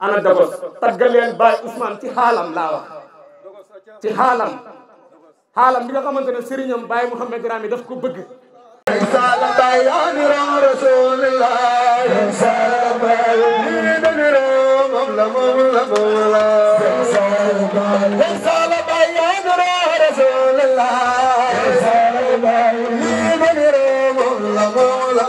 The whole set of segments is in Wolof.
ana xaalam laa wax ci xaalam bi nga xamante ne sëriñam Baye Mouhamed Rami daf ko bëgg sala bay yaani ram rasulillah sala bay dani ram la mom la mom la sala bay yaani bay dani ram la mom la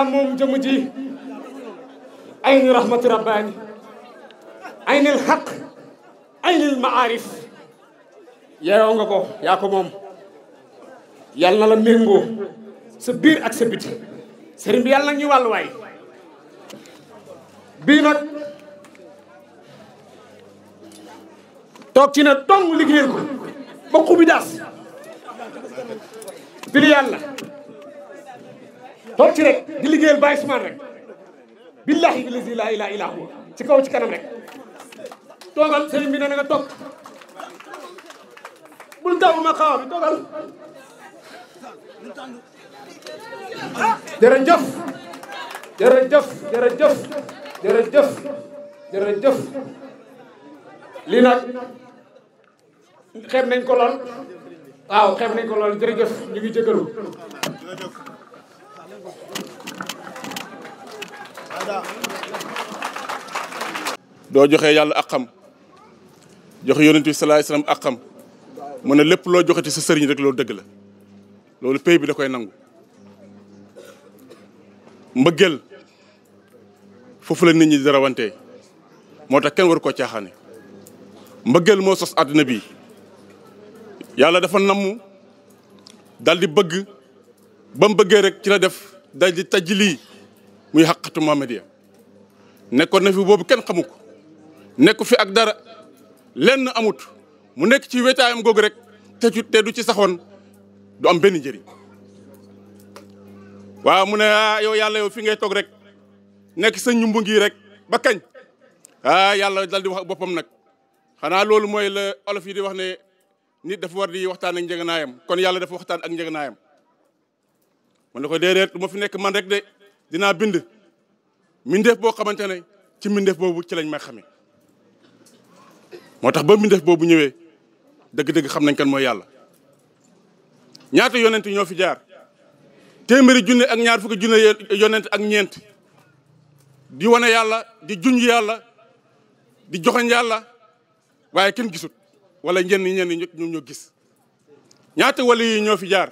yaa moom jëmu ji ayni rahmati rabbaani ayni alxaq ayni almaarif yeewoo nga ko yaa ko moom yàlla na la méngoo sa biir ak sa biti sëriñ bi yàlla na ñuy wàlluwaay bii nag toog ci ne dong liggéeyal ko ba xubi daas bili yàlla toog ci rek di liggéeyal Baye Ousmane rek billahi lazi laa ilaaha illaa huwa ci kaw ci kanam rek toogal sëriñ bi nee na nga toog bul daw ma xaw bi toogal jërëjëf jërëjëf jërëjëf jërëjëf jërëjëf lii nag xeeb nañ ko lool waaw xeeb nañ ko lool jërëjëf doo joxe yàlla ak xam joxe yonent bi salaay salaam ak xam mu ne lépp loo joxe ci sa sëriñ rek loolu dëgg la loolu pays bi da koy nangu mbëggeel foofu la nit ñi dara wante moo tax kenn waru koo caaxaane mbëggeel moo sos àddina bi yàlla dafa namm dal di bëgg ba mu bëggee rek ci la def dal di tajj lii muy xaqatu Muhammadiya nekkoon na fi boobu kenn xamu ko nekku fi ak dara lenn amut mu nekk ci wetaayam googu rek te te du ci saxoon du am benn njëriñ waaw mu ne ah yow yàlla yow fi ngay toog rek nekk sa ñumbu ngi rek ba kañ ah yàlla dal di wax boppam nag xanaa loolu mooy la olof yi di wax ne nit dafa war di waxtaan ak njëganaayam kon yàlla dafa waxtaan ak njëganaayam mu ne ko déedéet du fi nekk man rek de dinaa bind mbindeef boo xamante ne ci mbindeef boobu ci lañ may moo tax ba mbindeef boobu ñëwee dëgg-dëgg xam nañ kan mooy yàlla ñaata yonent ñoo fi jaar téeméeri junne ak ñaar fukki junne yonent ak ñeent di wane yàlla di junj yàlla di joxoñ yàlla waaye kenn gisut wala ñenn ñenn ñoom ñoo gis ñaata wali yi ñoo fi jaar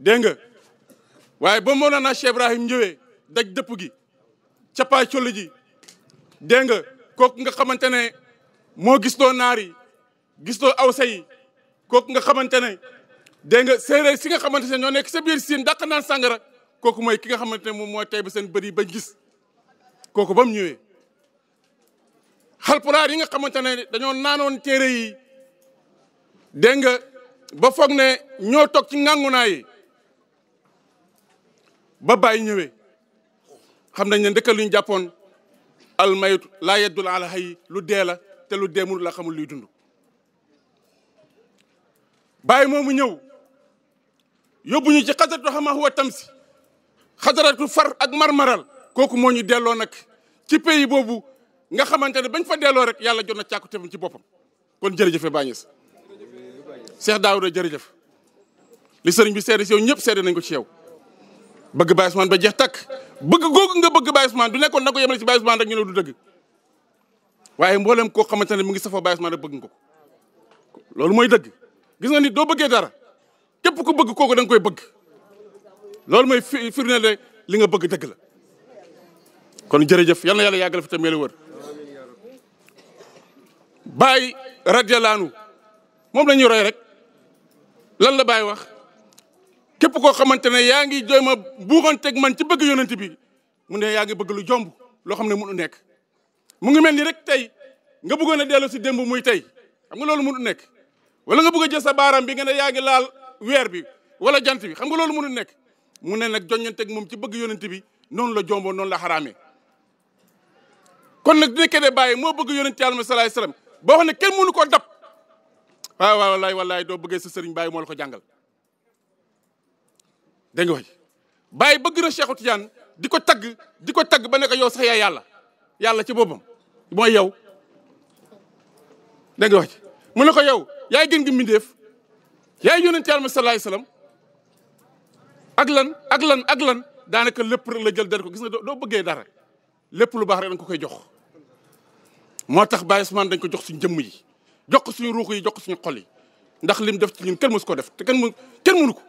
dégg nga waaye ba Mawlana Cheikh Ibrahim ñëwee daj dëpp gi cappaay colli ji dégg nga kooku nga xamante ne moo gisloo naar gis gisloo awsa yi kooku nga xamante ne dégg nga séeréer si nga xamante ne ñoo nekk sa biir siin dàq naan sàngara kooku mooy ki nga xamante ne moom mooy tey ba seen bëri bañ gis kooku ba mu ñëwee xalpulaar yi nga xamante ne dañoo naanoon téere yi dégg nga ba foog ne ñoo toog ci ngàngunaay yi ba bàyyi ñëwee xam nañ ne ndëkkal lu jàppoon almaytu laa yeddul ala xay lu dee la te lu dee mënu la xamul luy dund moom moomu ñëw yóbbu ñu ci xadaratu xama huwa tamsi xadaratu far ak marmaral kooku moo ñu delloo nag ci pays boobu nga xamante ne bañ fa delloo rek yàlla jot na càkku tefam ci boppam kon jërëjëfe bàñes Cheikh Daouda jërëjëf li sëriñ bi seede si ñëpp seede nañ ko ci yow bëgg Baye Ousmane ba jeex takk bëgg googu nga bëgg Baye Ousmane du nekkoon na ko yemale ci Baye Ousmane rek ñu ne du dëgg waaye mboolem koo xamante ne mu ngi safoo Baye Ousmane bëgg nga ko loolu mooy dëgg gis nga ni doo bëggee dara képp ku bëgg kooku da nga koy bëgg loolu mooy firnde ne li nga bëgg dëgg la kon jërëjëf yal na yàlla yàggal fi te mel wër Baye radiyallahu moom la ñuy roy rek lan la Baye wax. képp koo xamante ne yaa ngi jéem a buuxanteeg man ci bëgg yonent bi mu ne yaa ngi bëgg lu jomb loo xam ne mënu nekk. mu ngi mel ni rek tey nga bëggoon a dellu si démb muy tey xam nga loolu mënu nekk wala nga bëgg a jël sa baaraam bi nga ne yaa ngi laal weer bi wala jant bi xam nga loolu mënu nekk. mu ne nag joññanteeg moom ci bëgg yonent bi noonu la jomboo noonu la xaraamee kon nag dina kede bàyyi moo bëgg yonent yàlla salaay salaam boo xam ne kenn mënu koo dab waaw waaw wallaay wallaay doo bëggee sa sëriñ bàyyi moo la ko jàngal. dégg nga wax bàyyi bëgg na Cheikhu Tidiane di ko tagg di ko tagg ba ne ko yow yaay yàlla yàlla ci boppam mooy yow dégg nga wax mu ne ko yow yaay gën gi mbindeef yaay yónente Yàlla sallallahu alayhi wasallam ak lan ak lan ak lan daanaka lépp rek la jël dara ko gis nga doo bëggee dara lépp lu baax rek da ko koy jox moo tax Baye Ousmane dañ ko jox suñu jëmm yi jox ko suñu ruux yi jox ko suñu xol yi ndax lim def ci ñun kenn mësu ko def te kenn mënu kenn mënu ko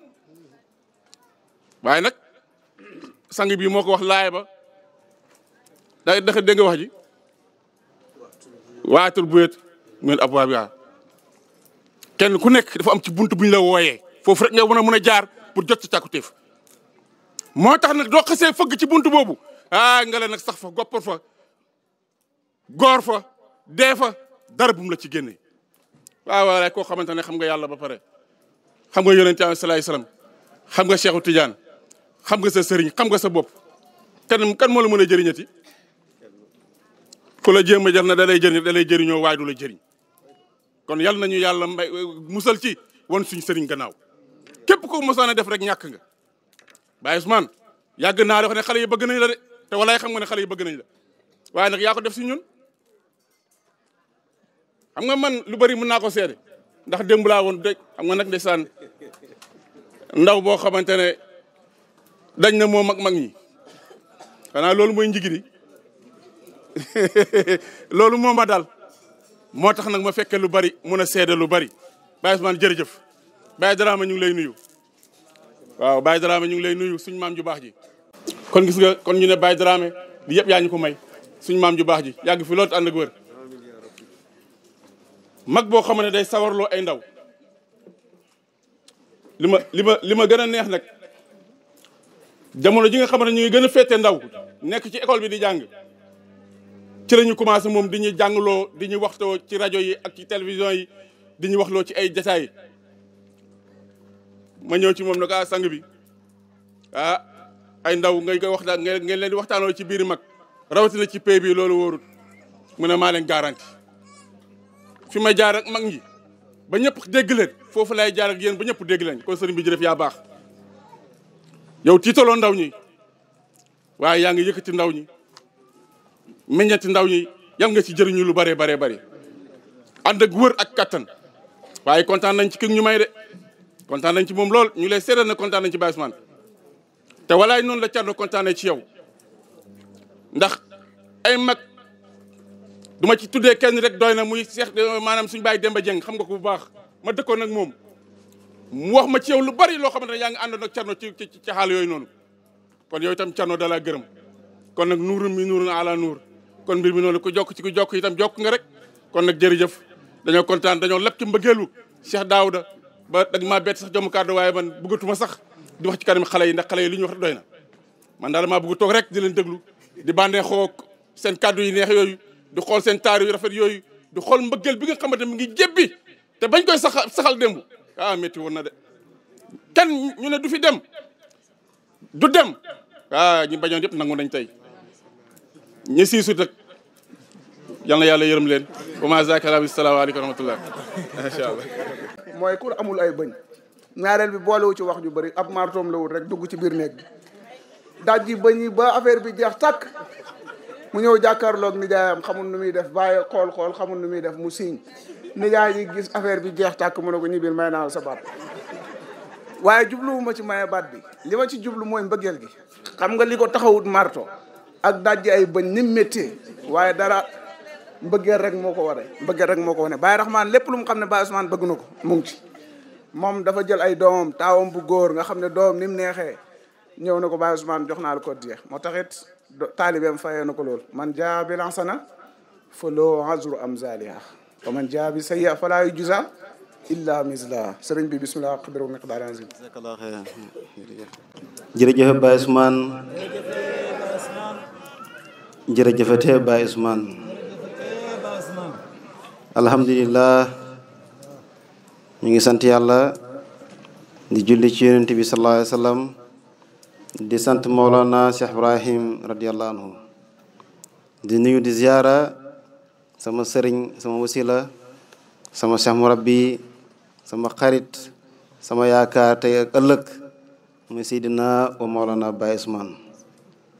waaye nag sang bi moo ko wax laay ba day daxa dégg wax ji waatul bu wéet meen ab waa kenn ku nekk dafa am ci bunt bu la wooye foofu rek nga mën a mën a jaar pour jot ci moo tax nag doo xasee fëgg ci bunt boobu ah nga la nag sax fa goppar fa goor fa dee dara bu la ci génne waaw waaw koo xamante ne xam nga yàlla ba pare xam nga yonente alayhi salaam xam nga Cheikhu Tidiane xam nga sa sëriñ xam nga sa bopp kan kan moo la mën a jëriñati ku la jéem a jël na da lay da lay jëriñoo waaye du la jëriñ kon yal nañu yàlla may euh, musal ci wan suñu sëriñ gannaaw képp ko mosaan a def rek ñàkk nga Baye Ousmane yàgg naa wax ne xale yi bëgg nañ la de xam nga ne xale yi bëgg nañ la waaye nag yaa def si ñun xam nga man lu bari mën naa ko seede ndax démb laa woon dëj xam nga nag ndeysaan ndaw boo xamante dañ na moo mag mag ñi xanaa loolu mooy njigiri loolu moo ma dal moo tax nag ma fekke lu bari mun a seede lu bari Baye Ousmane jërëjëf Baye Dramé ñu ngi lay nuyu waaw Baye Dramé ñu ngi lay nuyu suñ maam ju baax ji kon gis nga kon ñu ne Baye Dramé li yëpp yaa ñu ko may suñ maam ju baax ji yàgg fi loolu ànd ak wër mag boo xamane ne day sawarloo ay ndaw li ma li li ma gën a neex nag jamono ji nga xam ne ñu ngi gën a féete ndaw nekk ci école bi di jàng ci lañu ñu moom di ñu jàngloo di ñu waxtoo ci rajo yi ak ci télévision yi di ñu waxloo ci ay détails ma ñëw ci moom ne ah, sang bi ah ay ndaw ngay koy waxtaan ngeen leen di waxtaanoo ci biir mag rawatina ci pays bi loolu wóorut mu ne maa leen garanti fi ma jaar ak mag ñi ba ñëpp dégg leen foofu laay jaar ak yéen ba ñëpp dégg leen kon sëriñ bi jërëf yaa baax. yow tiitaloo ndaw ñi waaye yaa ngi yëkkati ndaw ñi meññati ndaw ñi yal nga ci jëriñu lu bare bare bare ànd ak wër ak kattan waaye kontaan nañ ci ki ñu may de kontaan nañ ci moom lool ñu lay seedal na kontaan nañ ci Baye te walaay noonu la Thierno kontaanee ci yow ndax ay mag duma ci tuddee kenn rek doy na muy seex maanaam suñu Baye ba Dieng xam nga ko bu baax ma dëkkoon ak moom mu wax ma ci yow lu bari loo xamante ne yaa ngi àndoon ak Thierno ci ci ci xaal yooyu noonu kon yow itam Thierno da laa gërëm kon nag nuuru mi nuuru na ala nuur kon mbir mi noonu ko jokk ci ku jokk itam jokk nga rek kon nag jërëjëf dañoo kontaan dañoo lépp ci mbëggeelu Cheikh da ba dañ maa bett sax jomu kàddu waaye man bëggatuma sax di wax ci kanam xale yi ndax xale yi li ñu wax doy na man daal maa bëgg toog rek di leen déglu di bàndee xoog seen kàddu yi neex yooyu di xool seen taar yu rafet yooyu di xool mbëggeel bi nga xamante mi ngi jébbi te bañ koy saxal saxal démb ah métti woon de kenn ñu ne du fi dem du dem ah ñu bañoon yëpp nangu nañ tey ñi siisu nag yal na yàlla yërëm leen wa ma zakara bi salaamaaleykum wa rahmatullah macha allah mooy kur amul ay bëñ ñaareel bi boolewu ci wax ju bëri ab martoom la wut rek dugg ci biir néeg bi daaj ji bëñ ba affaire bi jeex takk mu ñëw jàkkaarloog nijaayam xamul nu muy def bàyyi xool xool xamul nu muy def mu siiñ nijaay yi gis affaire bi jeex tàkk mu ne ko ñibbil may naa sa baat waaye jubluwuma ci maye baat bi li ma ci jublu mooy mbëggeel gi xam nga li ko taxawut marto ak dajji ay bëñ ni méttee waaye dara mbëggeel rek moo ko waree mbëggeel rek moo ko wane Baye Rahman lépp lu mu xam ne Baye Ousmane bëgg na ko mu ngi moom dafa jël ay doomam taawam bu góor nga xam ne doomam ni mu neexee ñëw na ko Baye Ousmane jox naa la ko diye moo taxit taalibeem fayee na ko lool man jaa bilansana fa loo azru am zaliha wa man jaa bi sayya falaa yujza illa misla sëriñ bi bismillah xadru miqdaar azim jërëjëfe Baye Ousmane jërëjëfete Baye Ousmane alhamdulilah ñu ngi sant yàlla di julli ci yonent bi sallallahu alayhi wa sallam di sant Mawlana Cheikh Ibrahim radiyallahu anhu di nuyu di ziyaara sama sëriñ sama wasila sama cheikh murabbi sama xarit sama yaakaar tey ak ëllëg muy Seydina wa Mawlana Baye Ousmane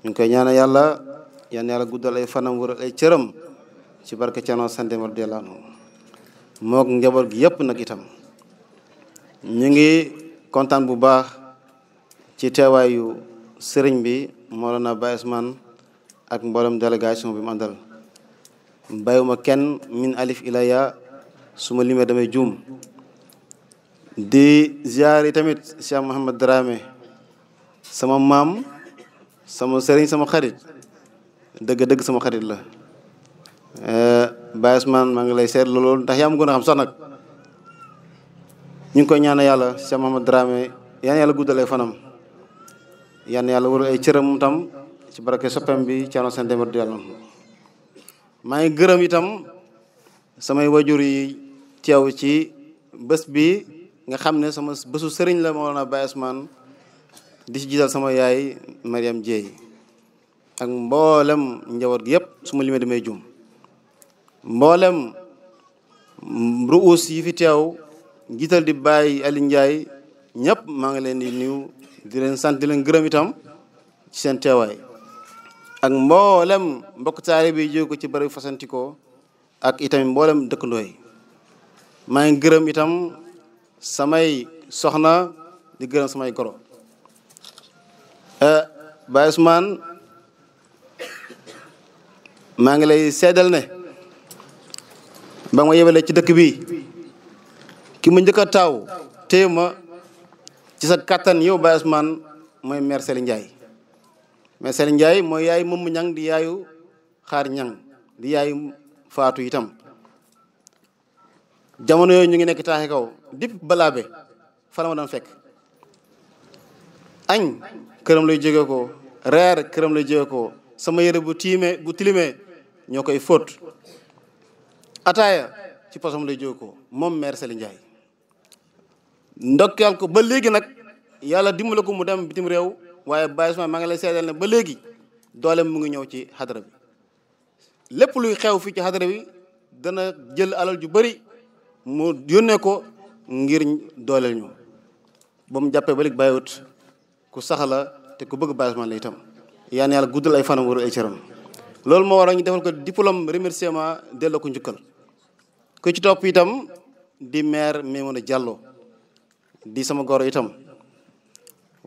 ñu ngi koy ñaanal yàlla yaan yàlla guddal ay fanam wural ay cëram ci barke Cerno Sandem radiyallahu mook njaboot gi yëpp nag itam ñu ngi kontaan bu baax ci teewaayu sëriñ bi Mawlana Baye Ousmane ak mboolem délégation bi mu àndal bàyyiwuma kenn min alif ila yaa su ma limee damay juum di ziyaar yi tamit Cheikh Mouhamed Dramé sama maam sama sëriñ sama xarit dëgg-dëgg sama xarit la eh, Baye Ousmane maa ngi lay seet loolu ndax yaa ma gën a xam sax nag ñu ngi koy ñaan yàlla Cheikh Mouhamed Dramé yaan yàlla guddalee fanam yaan yàlla waral ay cëram tam ci barake soppem bi ci ano seen yàlla maa ngi gërëm itam samay wajur yi teew ci bés bi nga xam ne sama bésu sëriñ la Mawlana Baye Ousmane di ci sama yaay Mariam Dieye ak mboolem njawar gi yëpp su ma limee damay juum mboolem ruus yi fi teew jiital di Baye Ali Ndiaye ñëpp maa ngi leen di nuyu di leen sant di leen gërëm itam seen teewaay ak mboolem mbokk taalibe yi jóge ko ci bari fasantikoo ak itam mboolem dëkkandoo yi maa ngi gërëm itam samay soxna di gërëm samay goro eh, Baye Ousmane maa ngi lay seddal ne ba ma yebalee ci dëkk bi ki ma njëkk a taaw téye ci sa kattan yow Baye Ousmane mooy maire Sëli Ndiaye mais seen njaay mooy yaay moom ñang di yaayu xaar ñang di yaayu faatu itam jamono yooy ñu ngi nekk taaxe kaw dip balaabe fa na ma doon fekk añ këram lay jóge ko reer këram lay jóge ko sama yére bu tiimee bu tilimee ñoo koy fóot ataaya ci posom lay jóge ko moom maire Sali Ndiaye ko ba léegi nag yàlla dimbale ko mu dem bitim réew waaye Baye Ousmane maa ngi lay seedeel ne ba léegi dooleem mu ngi ñëw ci xadara bi lépp luy xew fii ci xadara bi dana jël alal ju bari mu yónnee ko ngir dooleel ñu ba mu jàppee ba léegi wut ku saxala te ku bëgg Baye Ousmane la itam yaa yàlla guddal ay fanam waru ay cëram loolu moo waral ñu defal ko diplôme remerciement delloo ko njukkal ku ci topp itam di maire Maimouna Diallo di sama goro itam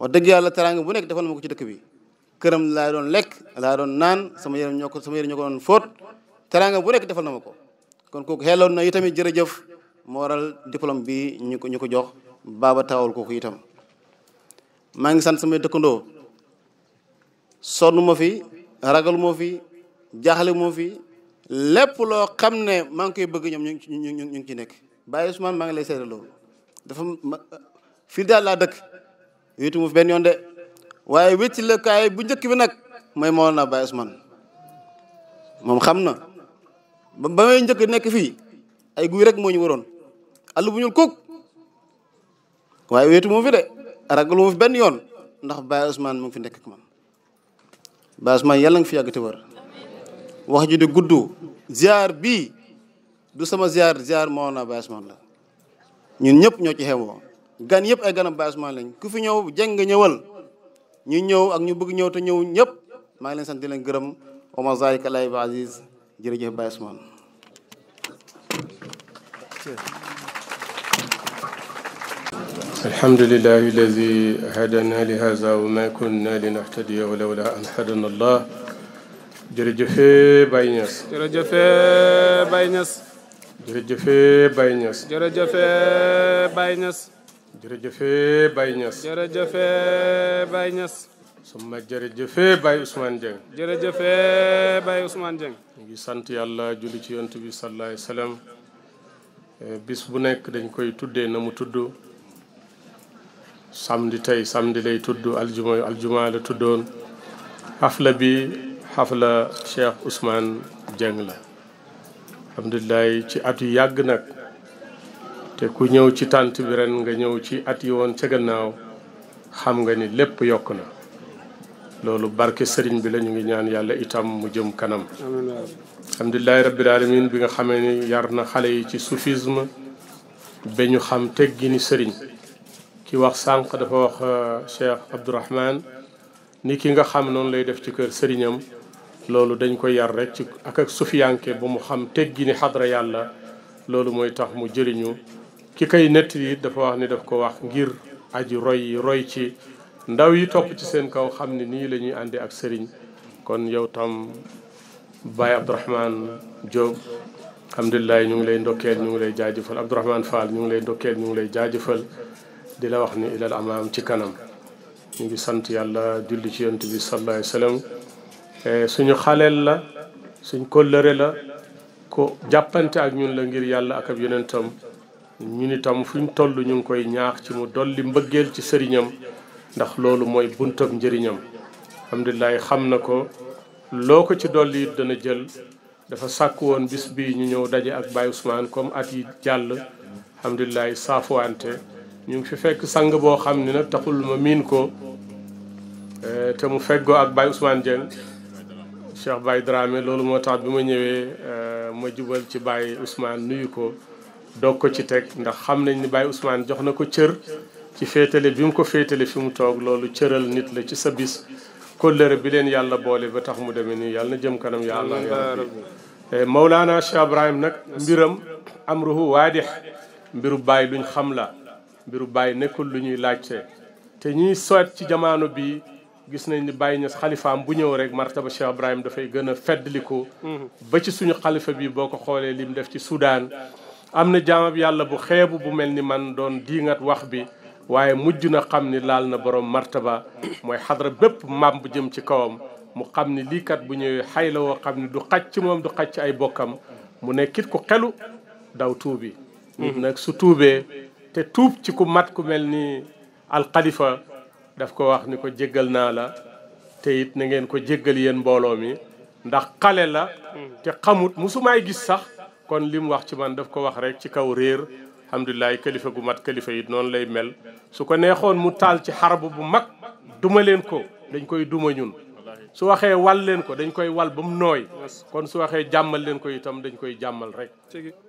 wax dëgg yàlla teraanga bu nekk defal ma ko ci dëkk bi këram laa doon lekk laa doon naan sama yaram ñoo ko sama yaram ñoo ko doon fóot teraanga bu nekk defal na ma ko kon kooku xeeloon na itamit jërëjëf moo waral diplôme bi ñu ko ñu ko jox baaba taawul kooku itam maa ngi sant samay dëkkandoo sonn ma fi ragal moo fi jaaxle moo fi lépp loo xam ne maa ngi koy bëgg ñoom ñu ngi ci nekk Baye Ousmane maa ngi lay seede loolu dafa fii daal laa dëkk wéetu mu fi benn yoon de waaye wéeti la kaay bu njëkk bi nag mooy Mawlana Baye Ousmane moom xam na ba may njëkk nekk fii ay guy rek moo ñu waroon àll bu ñuul kuk waaye wetu mu fi de ragalu mu fi benn yoon ndax Baye Ousmane mu fi nekk ak man Baye Ousmane yàlla nga fi yàgg te wër wax ji de gudd ziar bii du sama ziar ziar Mawlana Baye Ousmane la ñun ñëpp ñoo ci xemoo gan yëpp ay ganam basement lañ ku fi ñëw jeng nga ñëwal ñu ñëw ak ñu bëgg ñëw te ñëw ñëpp maa ngi leen sant di leen gërëm oma zalika lay ba Aziz jërëjëf Baye Ousmane alhamdulillahi alladi hadana li haza wa ma jërëjëfee Baye Niass. jërëjëfee Baye Niass. suma jërëjëfee Baye Ousmane Dieng. jërëjëfee Baye Ousmane Dieng. ngi sant yàlla julli ci yonent bi sallallahu alayhi eh, bis bu nekk dañ koy tuddee na mu tudd samedi tey samedi lay tudd aljuma aljuma la tuddoon xafla bi xafla Cheikh Ousmane Dieng la alhamdulilah ci at yu yàgg nag. te ku ñëw ci tànt bi ren nga ñëw ci at yi woon ca gannaaw xam nga ni lépp yokk na loolu barke sëriñ bi la ñu ngi ñaan yàlla itam mu jëm kanam alhamdulilahi rabbil alamin bi nga xamee ni yar na xale yi ci soufisme ba ñu xam teggini sëriñ ki wax sànq dafa wax euh, Cheikh Abdourahman nit ki nga xam noonu lay def ci kër sëriñam loolu dañ ko yar rek ci ak ak sufiyanke ba mu xam teggini xadra yàlla loolu mooy tax mu jëriñu ki kay nettali it dafa wax ni daf ko wax ngir aj roy roy ci ndaw yi topp ci seen kaw xam ne nii lañuy ñuy àndee ak sëriñ kon yow tam baay Abdourahmane Diop alhamdulilah ñu ngi lay ndokkeel ñu ngi lay jaajëfal Abdourahmane Fall ñu ngi lay ndokkeel ñu ngi lay jaajëfal di la wax ni ilal amaam ci kanam ñu sant yàlla julli ci yonent bi sallallahu alayhi eh, suñu xaleel la suñ kóllëre la ko jàppante ak ñun la ngir yàlla ak ab yonentam ñu ñun itam fu ñu toll ñu ngi koy ñaax ci mu dolli mbëggeel ci sëriñam ndax loolu mooy buntab njëriñam alhamdulilah xam na ko loo ko ci dolli it dana jël dafa sàkk woon bis bi ñu ñëw daje ak Baye Ousmane comme at yi jàll alhamdulilah saafuwante ñu ngi fi fekk sang boo xam ne nag taxul ma miin ko eh, te mu feggoo ak Baye Ousmane Dieng Cheikh Baye Dramé loolu moo tax bi ma ñëwee eh, ma jubal ci Baye Ousmane nuyu ko doog ko ci teg ndax xam nañ ni bàyyi Ousmane jox na ko cër ci féetale bi mu ko féetale fi mu toog loolu cëral nit la ci sa bis kóllëre bi leen yàlla boole ba tax mu demee nii yàlla na jëm kanam ya allah ya rabbi Mawlana Cheikh Ibrahim nag mbiram amruhu waadix mbiru Baye luñ xam la mbiru Baye nekkul lu ñuy laajte te ñiy soit ci jamono bi gis nañ ni bàyyi ñu Niass xalifaam bu ñëw rek martaba Cheikh Ibrahim dafay gën a feddliko mm-hmm. ba ci suñu xalifa bi boo ko xoolee lim def ci Soudan am na jaamab yàlla bu xeebu bu mel ni man doon diingat wax bi waaye mujj na xam ni laal na borom martaba mooy xadra bépp maam bu jëm ci kawam mu xam ni lii kat bu ñëwee xay la woo xam ni du xaj ci moom du xaj ci ay bokkam mu nekkit ku xelu daw tuubi hmm. nit nag su tuubee te tuub ci ku mat ku mel ni alxalifa daf ko wax ni ko jéggal naa la te it na ngeen ko jéggal yéen mbooloo mi ndax xale la hmm. te xamut musumaay gis sax kon li mu wax ci man daf ko wax rek ci kaw réer alhamdulilah kalifa gu mat kalifa yi noonu lay mel su ko neexoon mu taal ci xarab bu mag duma leen ko dañ koy duma ñun su waxee wal leen ko dañ koy wal ba mu nooy kon su waxee jàmmal leen ko itam dañ koy jàmmal rek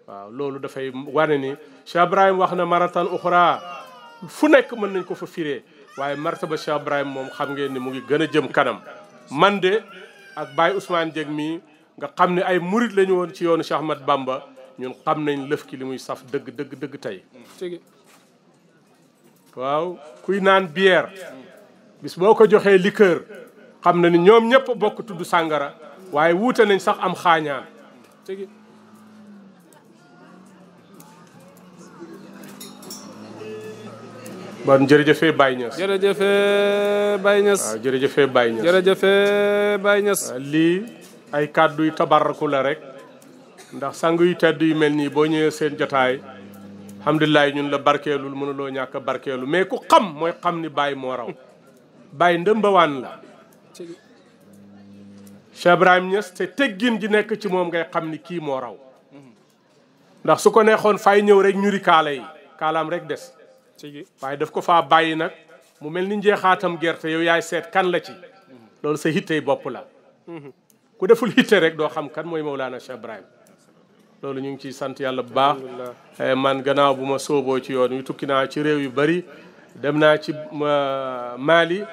waaw loolu dafay wane ni Cheikh Ibrahim wax na maratan uxra fu nekk mën nañ ko fa fire waaye ba Cheikh Ibrahim moom xam ngeen ni mu ngi gën a jëm kanam man de ak Baye Ousmane Dieng mii nga xam ne ay murit lañu woon ci yoonu Cheikh Bamba ñun xam nañ lëf ki li muy saf dëgg dëgg dëgg tey kuy naan bière bis boo ko joxee liqueur xam na ni ñoom ñëpp bokk tudd sàngara waaye wuute nañ sax am xaañaan bon jërëjëfee Baye Niass jërëjëfee Baye Niass waaw jërëjëfee Baye lii ay kàddu yu tabaraku la rek ndax sangu yu tedd yu mel nii boo ñëwee seen jotaay alhamdulilah ñun la barkeelul mënuloo ñàkk a barkeelu mais ku xam mooy xam ni bàyyi moo raw bàyyi ndëmbawaan la. Cheikh Ibrahim Niass te teggin ji nekk ci moom ngay xam ni kii moo raw ndax su ko neexoon fay ñëw rek ñuri kaala yi kaalaam rek des. waaye daf ko faa bàyyi nag mu mel ni njeexaatam gerte yow yaay seet kan la ci loolu sa hittey bopp la. ku deful yitte rek doo xam kan mooy Mawlana Cheikh Ibrahim loolu ñu ngi ciy sant yàlla bu baax eh, man gannaaw bu ma sooboo ci yoon wi tukki naa ci réew yu bari dem naa ci Mali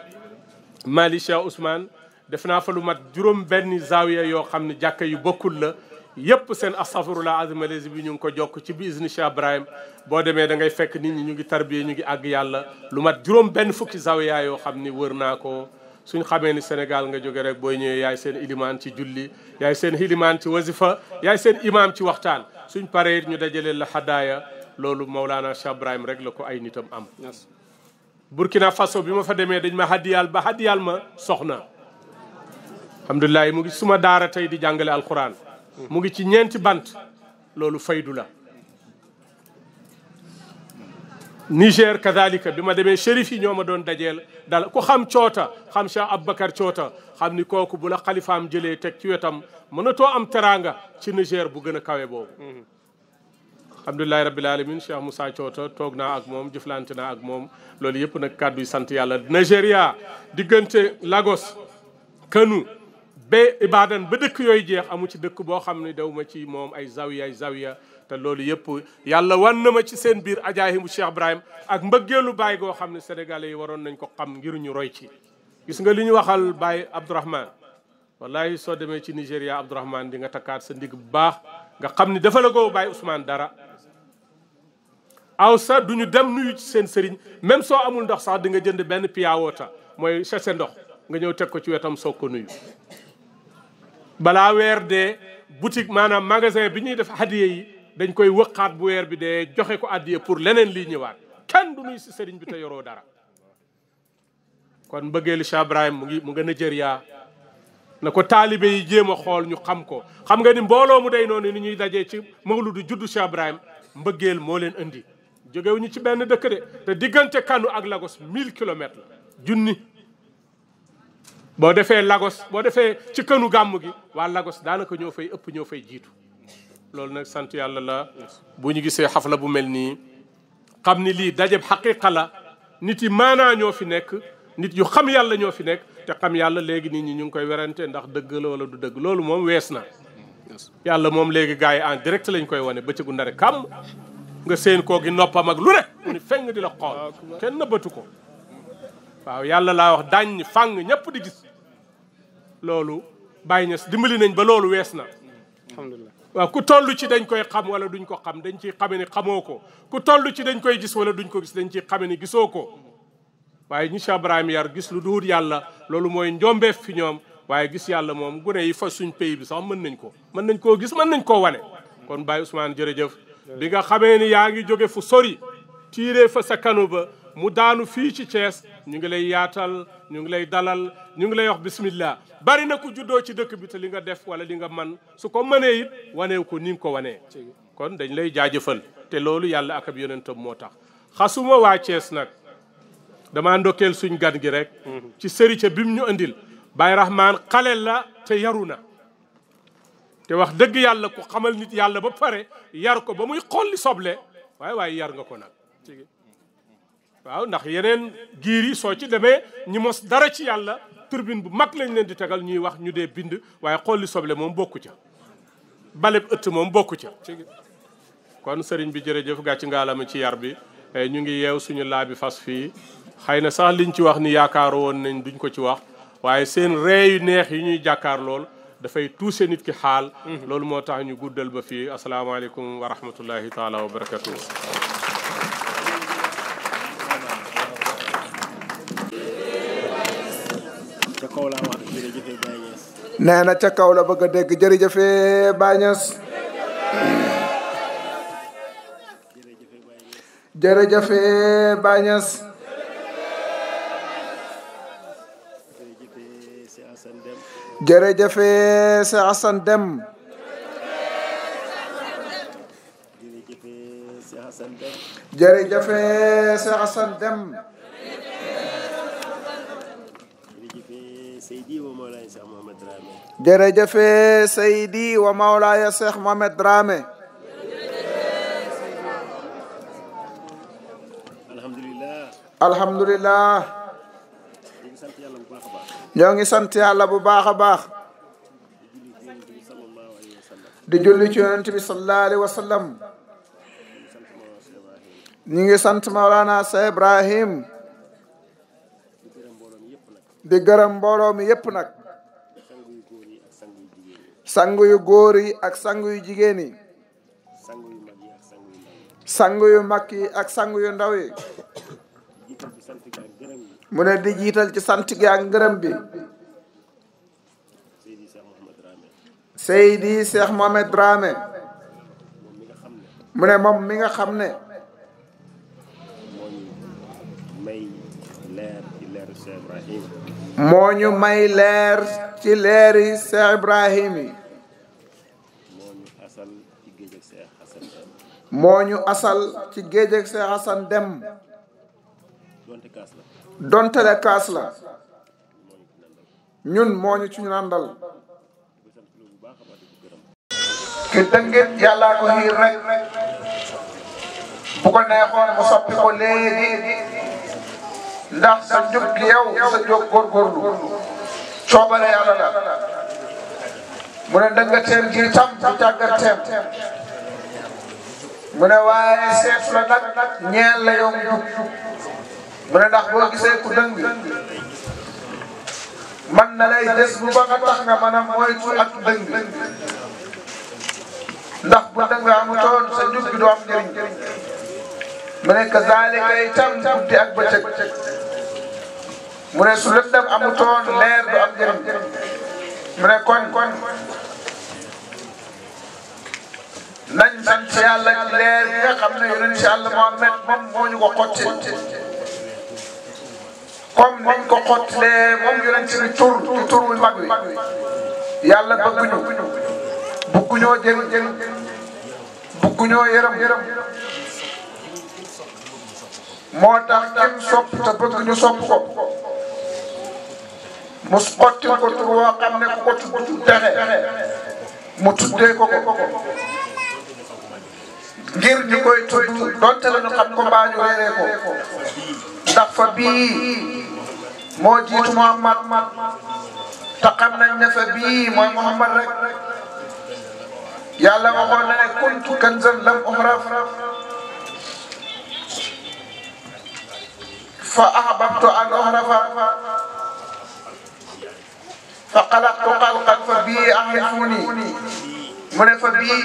Mali Cheikh Ousmane def naa fa lu mat juróom benn zaawiya yoo xam ne jàkka yu bokkul la yépp seen astafurullah azimalesi bi ñu ngi ko jokk ci bi isni Cheikh Ibrahim boo demee da ngay fekk nit ñi ñu ngi tarbiye ñu ngi àgg yàlla lu mat juróom benn fukki zaawiya yoo xam ni wër naa ko suñ xamee ni Sénégal nga jóge rek booy ñëwee yaay seen ilimaan ci julli yaay seen ilimaan ci wazifa yaay seen imaam ci waxtaan suñ paree ñu dajaleel la xadaaya loolu Maulana Cheikh Ibrahim rek la ko ay nitam am Burkina faço bi ma fa demee dañ ma hadiyaal ba hadiyaal ma soxna alhamdulilah mu ngi suma daara tey di jàngale alquran mu ngi ci ñeenti bant loolu faydu la Niger kadhalika bi ma demee shérif yi ñoo ma doon dajeel dal ku xam coota xam Cheikh Aboubacar coota xam ni kooku bu la xalifaam jëlee teg ci wetam mënatoo am teraanga ci Niger bu gën a kawe boobu. alhamdulilahi rabbil alamin Cheikh Moussa Coota toog naa ak moom jëflante naa ak moom loolu yëpp nag kàddu yi sant yàlla Nigeria diggante Lagos Kano ba Ibadan ba dëkk yooyu jeex amu ci dëkk boo xam ne daw ma ci moom ay zawiya ay zawiya te loolu yëpp yàlla wan na ma ci seen biir ajaahimu Cheikh Ibrahim ak mbëggeelu baay goo xam ne sénégalais yi waroon nañ ko xam ngir ñu roy ci gis nga li ñu waxal Baye Abdourahmane wallahi soo demee ci Nigéria Abdourahmane di nga takkaat sa ndig bu baax nga xam ni dafa ko Baye Ousmane dara aw sa duñu dem nuyu ci seen sëriñ même soo amul ndox sax di nga jënd benn piyawoota mooy sachet ndox nga ñëw teg ko ci wetam soog ko nuyu balaa weer dee boutique maanaam magasin bi ñuy def yi dañ koy wëqaat bu weer bi dee joxe ko addiye pour leneen lii ñëwaat kenn du nuy si sëriñ bi te yoroo dara kon mbëggeelu Cheikh Ibrahim mu ngi mu nga Nigeria na ko taalibe yi jéem a xool ñu xam ko xam nga ni mbooloo mu day noonu ni ñuy dajee ci mawludu juddu ci Ibrahim mbëggeel moo leen indi jógewu ci benn dëkk de te diggante Kano ak Lagos 1000 kilomètres la junni boo defee Lagos boo defee ci kënu gàmm gi waa Lagos daanaka ñëw fay ëpp ñëw fay jiitu loolu nag sant yàlla la bu ñu gisee xafla bu mel nii xam ni lii dajeb xaqiqa la nit yi maanaa ñoo fi nekk nit yu xam yàlla ñoo fi nekk te xam yàlla léegi nit ñi ñu ngi koy werante ndax dëgg la wala du dëgg loolu moom wees na yàlla moom léegi gars yi en direct lañu koy wane ba bëccëgu ndare kam nga seen koo gi noppam ak lu ne mu ni feng di la xool kenn nëbbatu ko waaw yàlla laa wax daañ fàng ñëpp di gis loolu bàyyi ñes dimbali nañ ba loolu wees na alhamdulilah waaw ku tollu ci dañ koy xam wala duñ ko xam dañ ciy xame ni xamoo ko ku toll ci dañ koy gis wala duñ ko gis dañ ciy xame ni gisoo ko waaye ñi Cheikh Ibrahima yar gis lu duut yàlla loolu mooy njombeef fi ñoom waaye gis yàlla moom gune yi fa suñ pays bi sax mën nañ ko mën nañ koo gis mën nañ koo wane kon Baye Ousmane jërëjëf bi nga xamee ni yaa ngi jóge fu sori tiiree fa sa ba mu daanu fii ci Thiès ñu ngi lay yaatal ñu ngi lay dalal ñu ngi lay wax bismillah bari na ku juddoo ci dëkk bi te li nga def wala li nga man su ko mënee it waneew ko ni ko wanee kon dañ lay jaajëfal te loolu yàlla ak ab yonentam moo tax xasuma waa Cees nag dama ndokkeel suñ gan gi rek ci sërica bi mu ñu indil Baay Rahmaan xale la te yaru na te wax dëgg yàlla ku xamal nit yàlla ba pare yar ko ba muy xolli soble waaye waaye yar nga ko nag waaw ndax yeneen giir yi soo ci demee ñi mos dara ci yàlla turbine bu mag lañ leen di tegal ñuy wax ñu dee bind waaye xolli soble moom bokk ca baleb ëtt moom bokk ca kon sëriñ bi jërëjëf gàcc ngaalama ci yar bi eh, ñu ngi yeew suñu laabi fas fii xëy na sax liñ ci wax ni yaakaaru woon nañ duñ ko ci wax waaye seen ree yu neex yi ñuy jàkkaar lool dafay tuuse nit ki xaal mm-hmm. loolu moo tax ñu guddal ba fii asalaamaaleykum wa rahmatullahi taala wa barakatuh kaw laa wax jërëjëfe Baye Niass nee na ca kaw la bëgg a dégg jërëjëfe Baye Niass jërëjëfe Baye Niass jërëjëfe Cheikh Assane Deme jërëjëfe jërëjëfe Seydi wa Mawlaaya Cheikh Mohamed Dramé alhamdulilah alhamdulilah ngi sant yàlla bu baax a baax di julli ci yonent bi wa sallam ñu ngi sant Mawlana Cheikh Ibrahim di gërëm mbooloo mi yépp nag sang yu góor yi ak sang yu jigéen yi sang yu mag yi ak sang yu ndaw yi mu ne di jiital ci sant gi ak ngërëm bi Seydi Cheikh Mohamed Dramé mu ne moom mi nga xam ne moo ñu may leer ci leeri Cheikh Ibrahim yi moo ñu asal ci géej ak dem donte kaas la ñun moo ci ñu nàndal ki dëngit yàllaa ko xiir rek bu ko neexoon mu ko léegi ndax sa njub gi yow sa jóg góorgóorlu coobale yàlla la mu ne dëngateem gi tam bu jàggateem mu ne waaye seet la nag ñeel la yow njub mu ne ndax boo gisee ku dëng man na lay des bu ba nga tax nga mën a moytu ak dëng ndax bu dëng amutoon sa njub du am njëriñ mu ne kazaalika itam guddi ak bëccëg mu ne su lëndëm amutoon leer du am njëriñ mu ne kon kon nañ sant yàlla leer nga xam ne yonent yàlla Muhammad moom moo ñu ko xotti comme niñ ko xottilee moom yonent bi tur ci turul mag wi yàlla bëgguñu bëgguñoo jël jël bëgguñoo yërëm yërëm moo tax kenn sopp te bëgg ñu sopp ko mu xottil ko tur woo xam ne ku ko tudd texe mu tuddee ko ngir koy tudd donte la ñu xam ko mbaa ñu reeree ko ndax fa bii moo jiitu Muhammad te xam ne fa bii mooy Muhammad rek yàlla waxoon na ne kuntu kanzan lam uhraf fa ahbabtu an uhrafa fa xalaqtu xalqan fa bii ahrifuni mu ne fa bii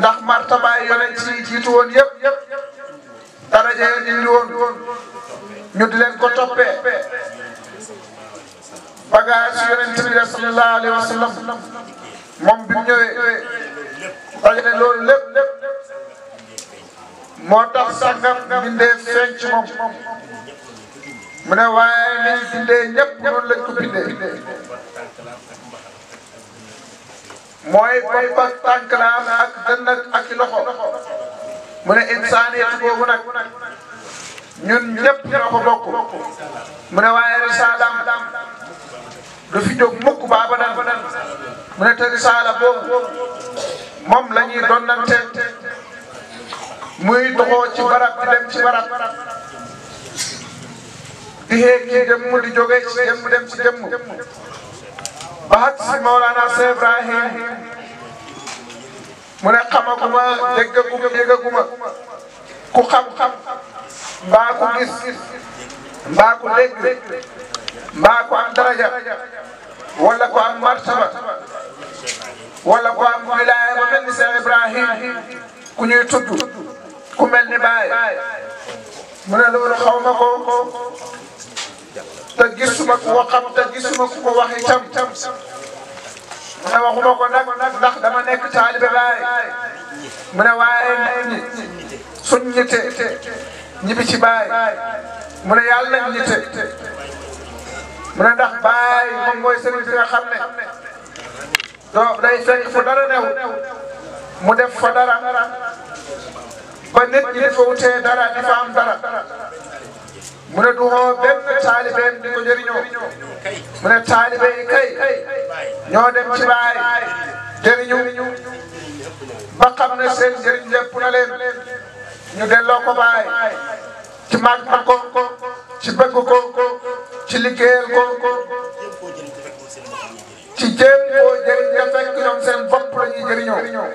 ndax martabaay yonent yi jiitu woon yëpp daraja yi ñu di leen ko toppee bagage yonent bi la sallallahu alayhi wa moom bi mu ñëwee dajale lépp moo tax sangam bindee feeñ ci moom mu ne waaye ni bindee ñëpp noonu lañ ko mooy bopp ak tànk la ak dënn ak loxo mu ne insaaniyat boobu nag ñun ñëpp ñoo ko bokk mu ne waaye risaalaam du fi jóg mukk ba abadan mu ne te risaala boobu moom la ñuy donnante muy doxoo ci barab di dem ci barab di xeeg ci jëmm di jóge ci jëmm dem ci jëmm baax Mawlana Cheikh Ibrahim mu ne xamaguma déggaguma déggaguma ku xam-xam mbaa ku gis mbaa ku dégg mbaa ku am daraja wala ku am martaba wala ku am wilaaya ba mel ni Cheikh Ibrahim ku ñuy ku mel ni mu ne loolu xaw ko. te gisuma ku ko xam te gisuma ku ko wax itam mu ne waxuma ko nag ndax dama nekk taalibe baay mu ne waaye nit ñi suñ ñite ñibbi ci baay mu ne yàlla nañ ñite mu ne ndax baay moom mooy sëriñ xam ne doo day fekk fo dara new mu def fa dara ba nit ñi fa wutee dara di fa dara mu ne duxoo benn taalibeem di ko jëriñoo mu ne taalibe yi kay ñoo dem ci baay jëriñu ba xam ne seen jëriñ lépp na leen ñu delloo ko baay ci màggal ko ci bëgg ko ci liggéeyal ko ci jéem koo jëriñ nga fekk ñoom seen bopp la ñuy jëriñoo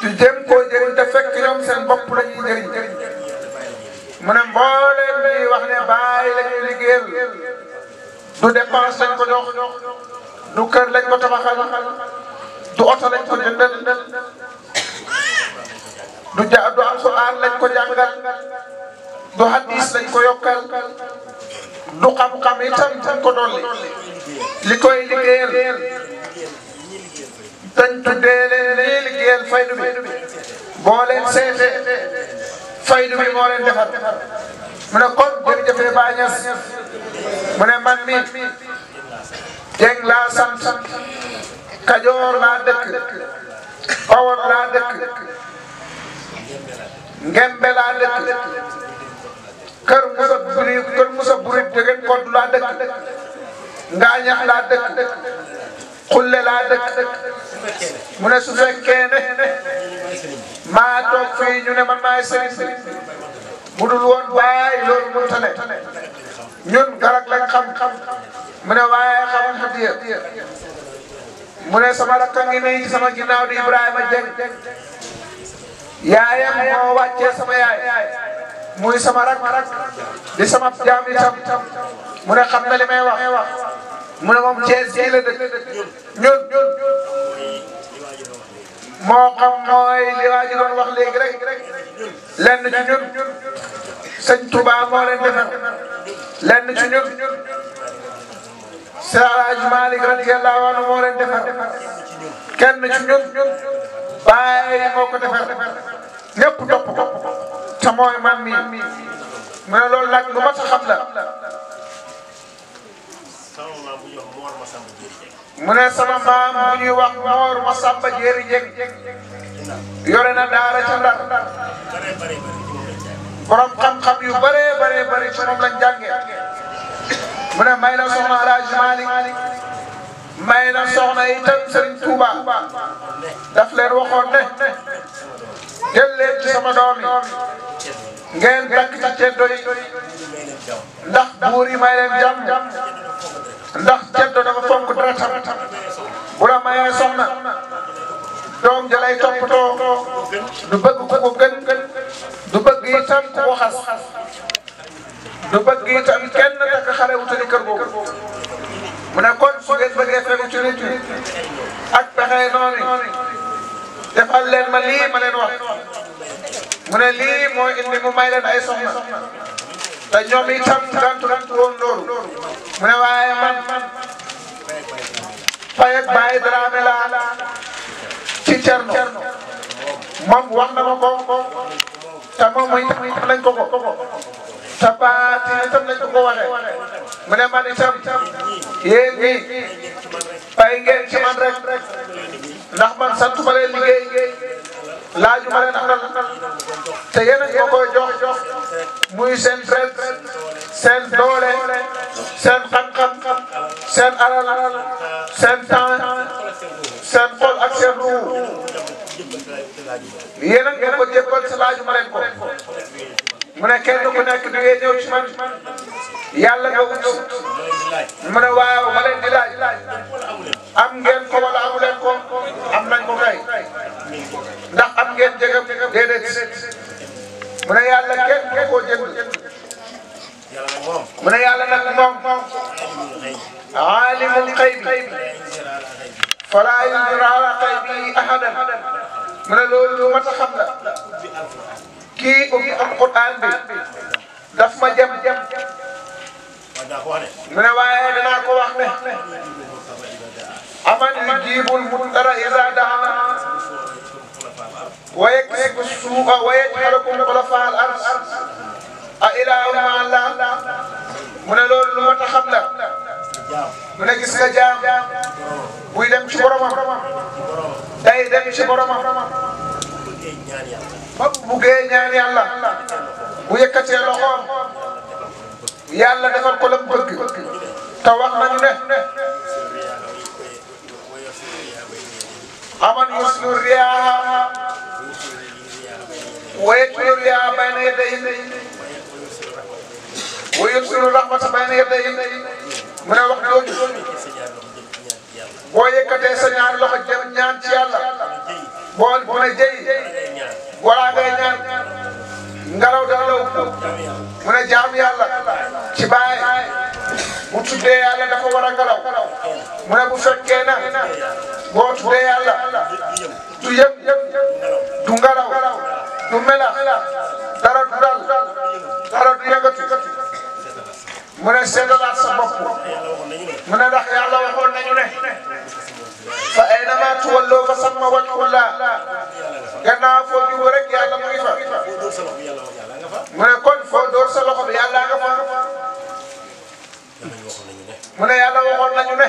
ci jéem koo jëriñ te fekk ñoom seen bopp la ñuy mu ne mbooleem bi wax ne bàyyi la ñuy liggéeyal du dépense lañ ko jox du kër lañ ko tabaxal du oto lañ ko jëndal du ja du alxuraan lañ ko jàngal du hadis lañ ko yokkal du xam-xam itam dañ ko dolli li koy liggéeyal dañ tuddee leen lii liggéeyal faydu bi boo leen seetee. faydu bi moo leen defar mu ne kon jërëjëf Baye Niass mu ne man mi Dieng laa sant Kajoor laa dëkk Bawol laa dëkk Ngembe laa dëkk Kër Musa Buri Kër Musa Buri Degen laa dëkk Ngaañax laa dëkk xulle laa dëkk mu ne su fekkee ne maa toog fii ñu ne man maay sëriñ bi bu dul waaye loolu mu tane ñun garag lañ xam-xam mu ne waaye xamuñ hadiya mu ne sama rakk ngi nii sama ginnaaw di Ibrahima Dieng yaayam moo wàccee sama yaay muy sama rakk di sama jaam itam mu ne xam na li wax. mu ne moom Thiès gii la dëkk ñun moo mooy li waa ji doon wax léegi rek lenn ci ñun sëñ Touba moo leen defar lenn ci ñun Seex Alaaji Maalik radiyallaahu anhu moo leen defar kenn ci ñun bàyyi moo ko defar ñëpp mooy man mu ne loolu nag lu mat sama mu ne sama maam bu ñuy wax Mor Masamba Jéeri Jeng yore na daara ca Ndar borom xam-xam yu bëree bëree bëri ci moom lañ mu ne may la soxna la soxna itam Sëriñ Tuuba daf leen waxoon ne jël leen ci ngeen takk ci ceddo yi ndax buur yi may leen jàmm ndax ceddo dafa fonk deretam bu la mayee soxna doom jalay toppatoo du bëgg ku ko gën du bëgg itam ku ko xas du bëgg itam kenn takk xale wutali kër googu mu ne kon su ngeen bëggee fegu ci nit ñi ak pexe noonu defal leen ma lii ma leen wax mu ne lii mooy indi mu may leen ay soxna te ñoom itam gàntu gàntu woon loolu mu ne waaye man Faye ak Baye laa ci Thierno moom wax na ma ko te moom muy tam lañ ko ko te baati tam lañ ko ko waxee mu ne man itam yéen ñii fay ngeen ci man rek ndax man sant ma leen laaju ma leen alal te yéen a koy jox muy seen trait seen doole seen xam-xam seen alal seen temps seen xol ak seen ruu yéen a ko jébbal sa laaju ma leen ko. mu ne kenn ku nekk du ngeen ñëw ci man yàlla nga wut mu ne waaw ma leen di laaj am ngeen ko wala amu leen ko am nañ ko kay ndax am ngeen jegam déedéet mu ne yàlla kenn koo jënd mu ne yàlla nag moom aalimul xayb falaa yuzhiru alaa xaybihi ahadan mu ne loolu lu mat a xam la kii ubbi alquran bi daf ma jëm jëm. mu ne waaye danaa ko wax ne. aman yujibul mutara iza daa wa yaksifu suu'a wa yaj'alukum xulafa al ard a ilaahu ma Allah mu ne loolu lu mot a xam la. mu ne gis nga jaam buy dem ci boromam. day dem ci boromam. ba bu buggee ñaan yàlla bu yëkkatee loxoom yàlla defal ko la mu bëgg te wax nañu ne aman yuslu riyaha wa yajlu riyaha bayna yadayhi wa yursilu rahmata bayna yadayhi mu ne wax jooju boo yëkkatee sa ñaari bool bu ne jëy wala ngay ñaan ngelaw dalaw mu ne jaam yàlla ci baay bu tuddee yàlla dafa war a ngelaw mu ne bu fekkee na boo tuddee yàlla du yëpp du ngelaw du melax dara du dal dara du yëngatu mu ne seetalaat sa bopp mu ne ndax yàlla waxoon nañu ne fa aynama tuwalloo fa samma wajhullah gannaaw foo jubóo rek yàlla mu ngi fa. mu ne kon foo dóor sa loxo bi yàlla nga fa. mu ne yàlla waxoon nañu ne.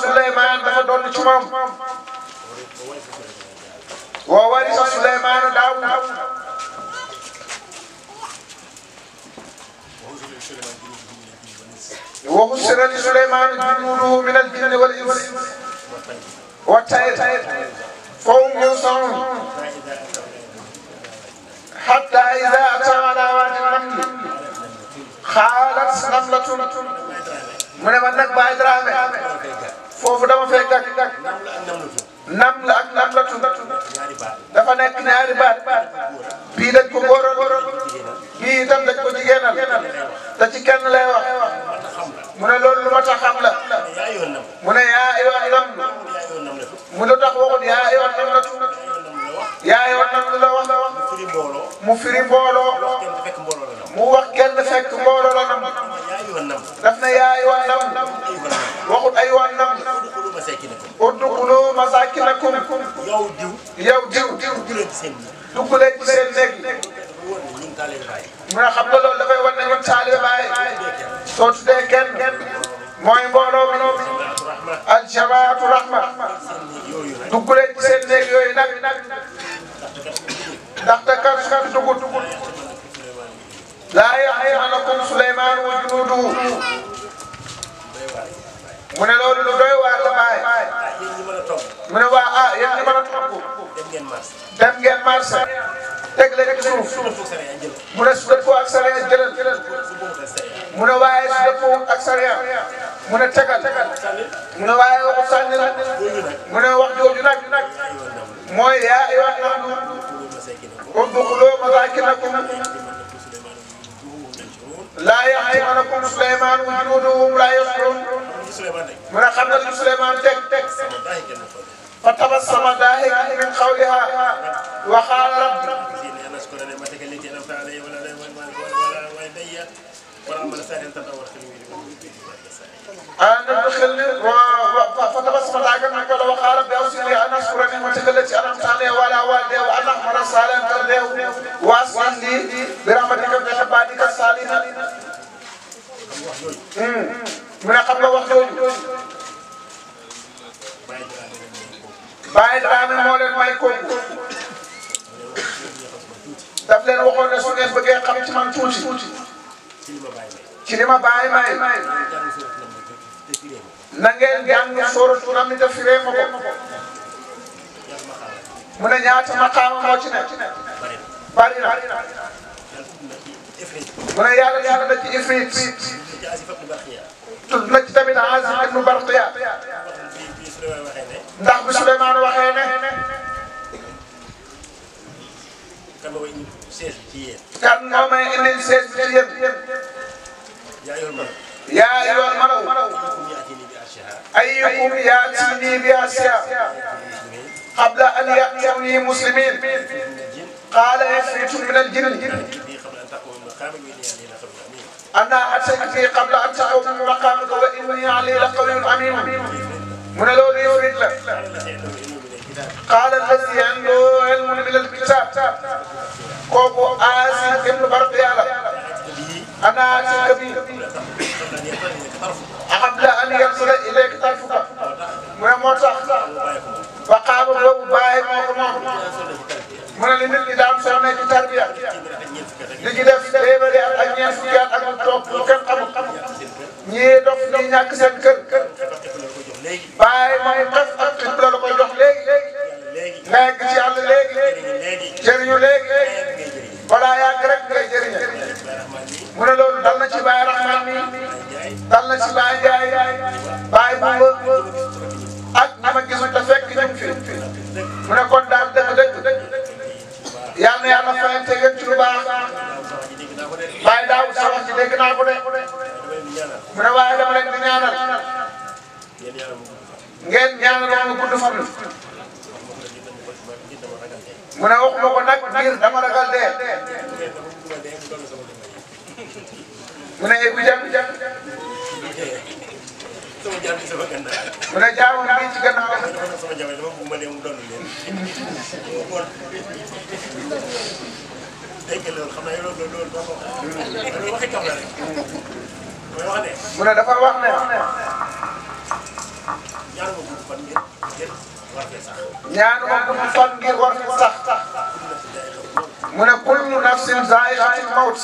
Suleymaan dafa doon ci moom. wa warisa Suleymaan Daawuda وحشر لسليمان جنوده من الجن والإنس والطير فهم ينصرون حتى إذا أتى على وادي النمل خالت نملة من من نكبة إدرامه فوف دم في كك nam la ak nam la tudd dafa nekk ñaari baat bii dañ ko góoral bii itam dañ ko jigéenal te ci kenn lay wax mu ne loolu lu ma tax xam la mu ne yaa ayoon nam mu lu tax waxut yaa ayoon nam la tudd yaa ayoon nam la wax mu firi mbooloo mu wax kenn fekk mbooloo la nam daf ne yaa ayoon nam waxut ayoon nam. masakinakum. udxulu masakinakum. na diw. yow wa diw. dugg leen ci seen néeg. dugg leen ci mu ne xam nga loolu dafay wan Suleymaan wa junuuduhu mu ne loolu lu doy waar la baay. yéen ñi mën a topp. mu ne waa ah yéen ñi mën a topp. dem ngeen marché. dem ngeen marché. teg leen ci suuf. mu ne su dëppoo ak sariya jëlal. mu ne waaye su dëppoo ak sariya. mu ne tegal. mu ne waaye waxu sànni la. mu ne wax jooju nag. mooy yaa ayyuhan naas udxuluu masaakinakum. laa ya'rimannakum Sulaymaan wa junuuduhu wa hum laa yash'uruun ci Souleymane teg. mu ne xam na lu Souleymane teg teg. fa tabassama daahikan min qawlihaa wa qaala rabbi. ah ndax xel li waaw fa tabassama daahikan min qawlihaa wa qaala rabbi awzi'nii an ashkura ni'mataka allatii an'amta 'alayya 'alaa waalidayya wa an a'mala saalihan tardaah wa aslih lii bi rahmatika min ibadika saalihiin. mu ne xam nga wax jooju Baye Dramé moo leen may kooku daf leen waxoon ne su ngeen bëggee xam ci man tuuti ci li ma Baye may na ngeen jàng sooratu Naml te firee mu ne ñaata maqaama moo ci na mu ne yàlla yàlla na ci ifrit tudd na ci tamit Aazib ibnu Barqiya ndax bu Souleymane waxee ne. kan moo may indil sees bi ci yéen. kan moo may indil sees bi ci yéen. yaa yor maraw. yaa yor maraw. ayyukum yaatini bi asiya qabla an ya'tuni muslimin. qaala ifritun min al jinn أنا أتيت قبل أن تقوم من مقامك وإني علي لقول أمين من لو يفرد لك قال الذي عنده علم من الكتاب كوكو آسي ابن برقيالة أنا أتيك به قبل أن يصل إليك طرفك من موتى وقام له بايع موتى mu ne li nit ñi daan sonné ci tarbiya di ci def téeméeri at ak ñeent fukki at ak lu toog lu kenn xamul ñii dof ñii ñàkk seen kër kër bàyyi mooy def ak xibla la koy jox ci yàlla léegi jëriñu léegi balaa yàgg rek ngay jëriñe mu ne loolu dal na ci Baye Rahman mi dal na ci Baye Ndiaye dégg naa ko de mu ne waaye dama leen di ñaanal ngeen ñaanal ma gudd fan mu ne waxuma ko nag ngir dama ragal dee mu ne bu jëm jëm sama jaar bi sama gànnaaw. mu ne jaarul nii ci gànnaaw. sama jabar dama bëgg ma ne mu doon leen. dégg loolu xam naa loolu loolu boo ko waxee. loolu waxi kam la rek. mooy wax ne. mu ne dafa wax ne. ñaanu ma gudd fan ngir ngir war fee sax. ñaanu ma gudd fan ngir war fee sax. mu ne kullu nafsin zaa'iqatul mawt.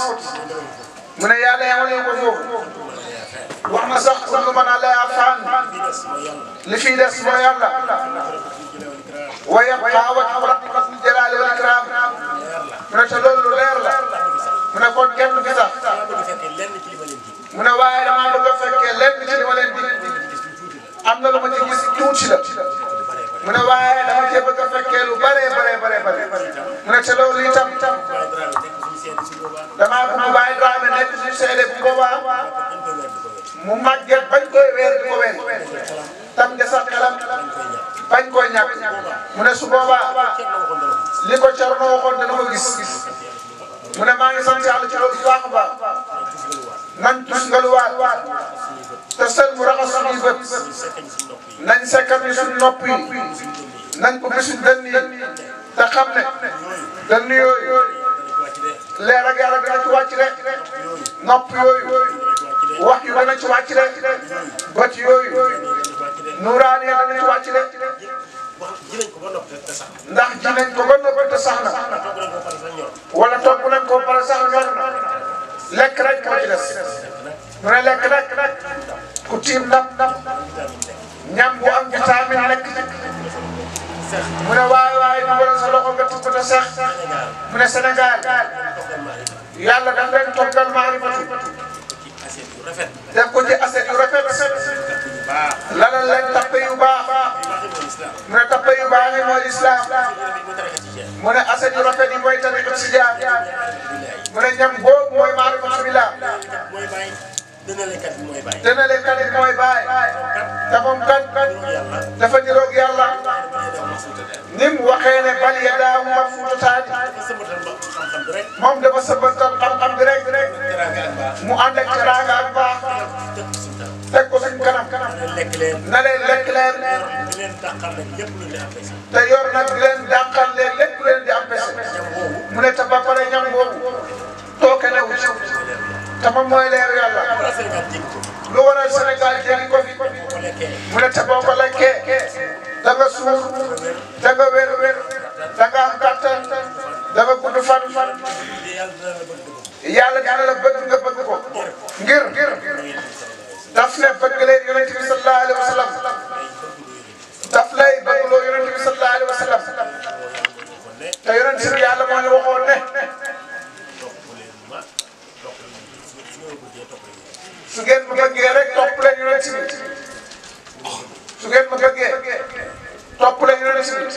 mu ne yàlla yamalee ko foofu. wax na sax kullu man alayha fan li fi des mooy yàlla. wa yabqa wajhu rabbika zul jalaali wal ikraam mu a te loolu lu leer la mu a kon kenn fi sax mu a waaye damaa bëgg a fekkee lenn ci li ma leen di am na lu ma ci gis tuuti la mu ne waaye dama cee bëgg a fekkee lu bëree bëree bëree bëri mu ne te loolu itam itam damaa bëgg Baye Dramé nekk suñu seede bu boobaa mu màgget bañ koy weer di ko weer tam nga sax koy ñàkk mu ne su boobaa. li ko Thierno waxoon dana ko gis mu ne maa ngi sant yàlla ci loolu bu baax a baax nañ tus nga lu waat waat te sel mu raxas suñuy bët nañ sekkal ñu suñ nopp yi nañ ko bésuñ dënn yi te xam ne dënn yooyu leer ak yàlla dana ci wàcc rek nopp yooyu wax yu dana ci wàcc rek bët yooyu nuuraan yi dana ci rek. ji nañ ko ba noppi te sax na. ndax ji nañ ko ba noppi te sax na. wala togg nañ ko pare sax ñor na. lekk rek moo ci des. mu ne lekk rek nag ku tiim ndam ndam. ñam bu am vitamine lekk ci. mu ne waay waay mu waral sa loxo nga tukk te seex. mu ne Sénégal. yàlla daf leen toggal maarifatu rafet def ko ci aset yu rafet lalal leen tappe yu baax mu ne tappe yu baax yi mooy islam mu ne aset yu rafet yi mooy tariqat si jaar mu ne ñam boobu mooy maarifatu dënalekat bi mooy bàyyi. dënalekat bi mooy bàyyi. moom kat dafa niroog yàlla. ni mu waxee ne bal ya daaw mabsuutaani. moom dafa sëbëntal xam-xam bi rek. mu ànd ak teraanga ak baax. teg ko suñ na leen lekk leen. te yor leen dàqal di empêché. mu ne te ba pare ñam boobu tooke na wu te mooy leer yàlla. lu waral Sénégal jëli mu ne te boo ko lekkee da nga suur da nga wér wér da nga am kàttan da gudd fan yàlla dina bëgg nga bëgg ko ngir ngir daf ne bëgg leen yonente bi sallallahu alayhi wa daf lay bëggloo yonente bi sallallahu alayhi wa sallam te yonente yàlla moo ñu su ngeen ma bëggee rek topp leen yonent bi su ngeen ma bëggee topp leen yonent bi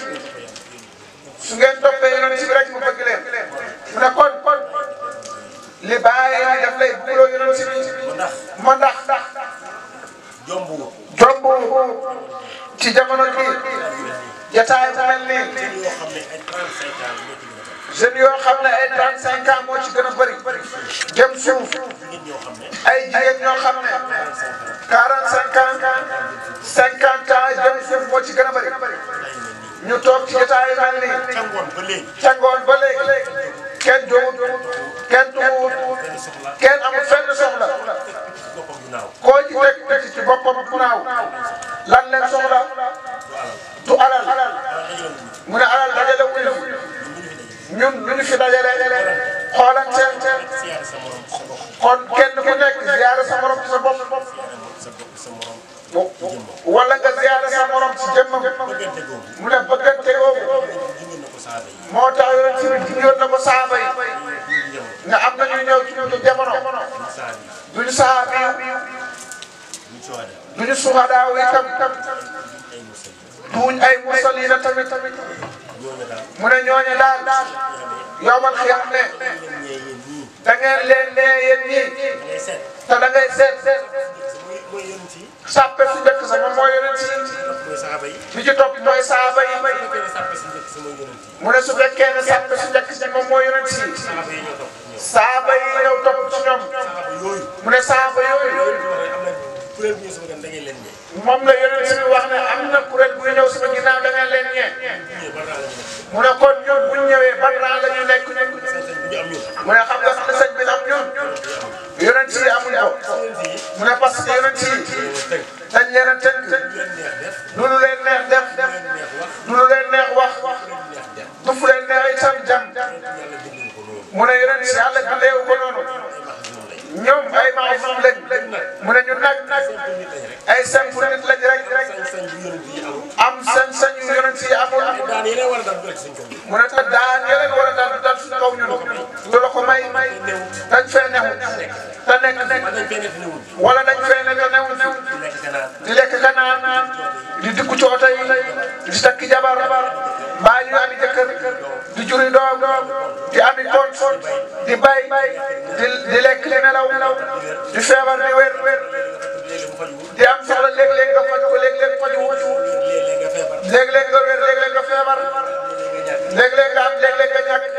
su ngeen toppee yonent bi rek ma bëgg leen mu ne kon kon li bàyyi li daf lay bëggloo yonent bi ma ndax ndax jombu jombu ci jamono bi jataay bu mel jeunes yoo xam ne ay 35 ans moo ci gën a bëri jëm suuf ay jigéen ñoo xam ne 45 ans 50 ans jëm suuf moo ci gën a bëri ñu toog ci jotaay mel ni cangoon ba léegi kenn jógul kenn tugul kenn amul fenn soxla koo ci teg ci boppam naaw lan leen soxla du alal mu ne alal dajale wuñu ñun lu ñu fi dajale xoolante kon kenn ku nekk ziyaara sa morom ci sa bopp wala nga ziyaara sa morom ci jëmmam mu ne bëggante googu moo tax yoon ci yoon na ko saaba yi nga am na ñuy ñëw ci ñu jamono duñu saaba duñu suhadaa itam duñ ay mursaliina tamit tamit mu ne ñooñu daal yowal xiyam ne da ngeen leen ne yéen ñii te da ngay seet seet sàppe si njëkk sama moo yonent si li ci topp mooy saaba yi may mu ne su fekkee ne sàppe si njëkk si moom moo yonent si saaba yi ñëw topp ci ñoom mu ne saaba yooyu. kuréel bu moom la yeneen si wax ne am na kuréel bu ñëw sama ginnaaw da ngeen leen ñee. mu ne kon ñun bu ñu ñëwee ban rang la ñu nekk. mu ne xam nga sax sëñ bi am ñun. yeneen si amul yow. mu ne parce que yeneen si dañ leen a tënk. lu lu leen neex def def. lu lu leen neex wax wax. du fu mu ne yeneen si yàlla bindee ko noonu. ñoom ay maasum lañ mu ne ñu nag ay simple nit lañ rek rek am sañ-sañu yonent yi amul mu ne te daan yeneen war a dal du dal suñ kaw ñun du may may dañ fee newul te nekk nekk wala dañ fee nekk newul newul di lekk kanaan di dikku coota yi di takki jabar mbaa ñu ami jëkkër di juri doom doom di ami kont di bay di lekk li melaw nelaw di feebar di wér di am soxla léeg-léeg nga faj ko léeg-léeg faju léeg-léeg nga wér léeg-léeg nga feebar léeg-léeg nga am léeg-léeg nga ñàkk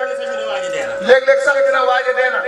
léeg-léeg sax dina waaj a dee na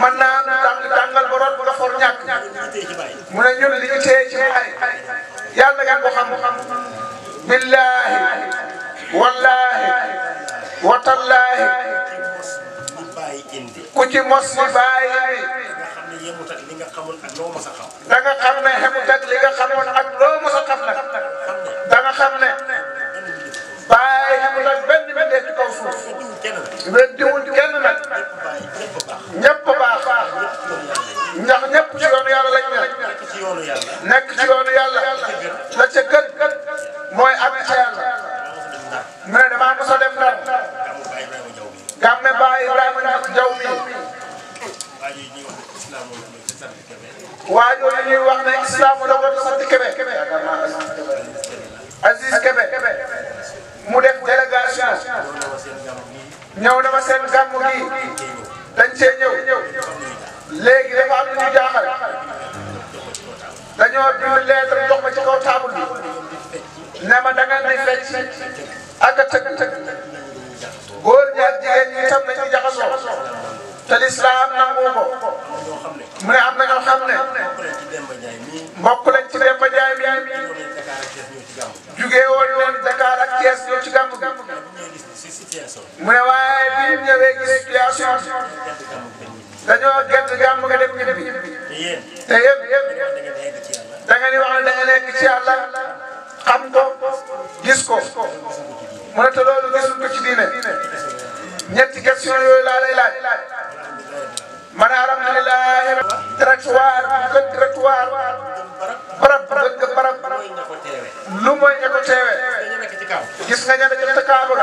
mën naa tàng tàngal ba root nga for ñàkk mu ne ñun li ñu téye ci baay yàlla ngeen ko xam billaahi wallaahi watallaahi ku ci mos ni baay ba seen gàmmu gi dañ see ñëw léegi dafa am lu ñu jaaxal dañoo bind lettre jox ma ci kaw table bi ne ma da ngeen di fecc ak a tëgg tëgg góor ñi ak jigéen ñi tam nañu jaxasoo te lislaam nangu ko mu ne am na ñoo xam ne mbokk lañ ci Demba Njaay mi jugee ci gàmm mu ne waaye bi mu ñëwee gis situation dañoo gerte gàmm nga dem ñibbi te yéen da nga ni wax ne da nga nekk ci yàlla xam ko gis ko mu ne te loolu gisul diine ñetti question yooyu laa lay laaj. man alhamdulilah trottoir gën trottoir barab gën barab lu mooy ña ko teewe gis nga ña ne jëm ca Kaaba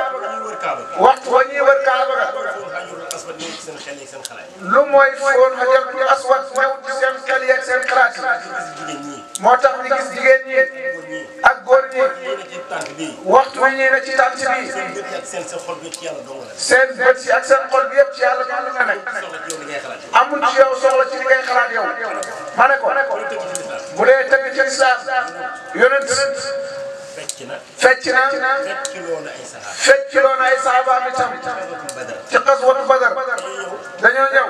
waxtu wa ñuy aswad nekk seen xel yi seen xalaat yi. lu mooy foon hajarul aswad ñëw ci seen xel yi ak seen xalaat yi. moo tax ñu gis jigéen ñi ak góor ñi. waxtu wi ñuy ne ci tànt ak seen xol bi yëpp ci ak seen xol bi yëpp ci yàlla dong la nekk. amul ci yow soxla fecc na fecc na fecc loon ay saxaabaam itam ci xaswatu badar dañoo ñëw